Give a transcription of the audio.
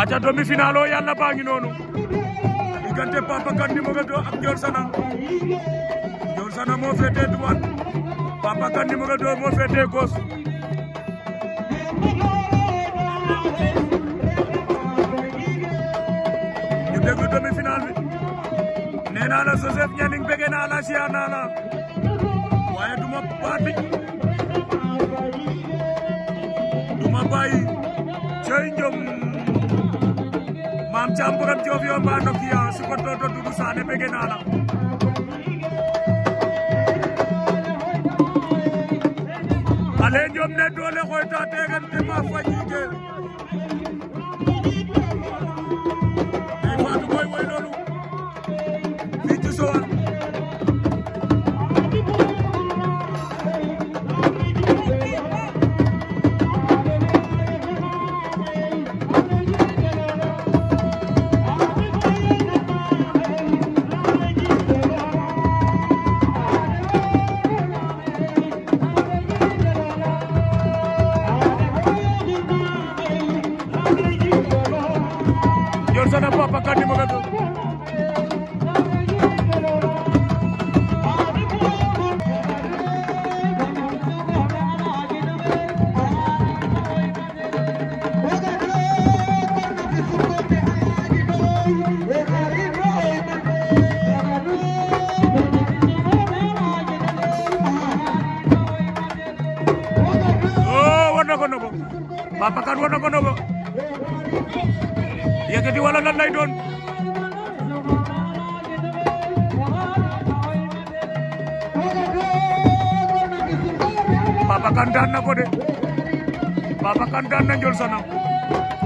aca demi-finale o oh, yàlla noonu diggante Papa Kane numéro 2 ak Ndiol Sana Ndiol Sana moo féetee droite Papa Kane numéro 2 moo féetee gauche ñu déglu demi-finale bi nee naa la Joseph Nianing bëgg waaye du baati du ma cey njom maam Thiam borom Joof yo mba Nokia ko doon doon Doudou Sané bëgg naa la ale ñoom ne doole xoy ta tegan te ma na Papa Kane numéro 2 oh war na ko nobo Papa Kane war na ko nobo yëkkati wala lan lay doon Papa Kane na ko de Papa Kane na Ndiol Sana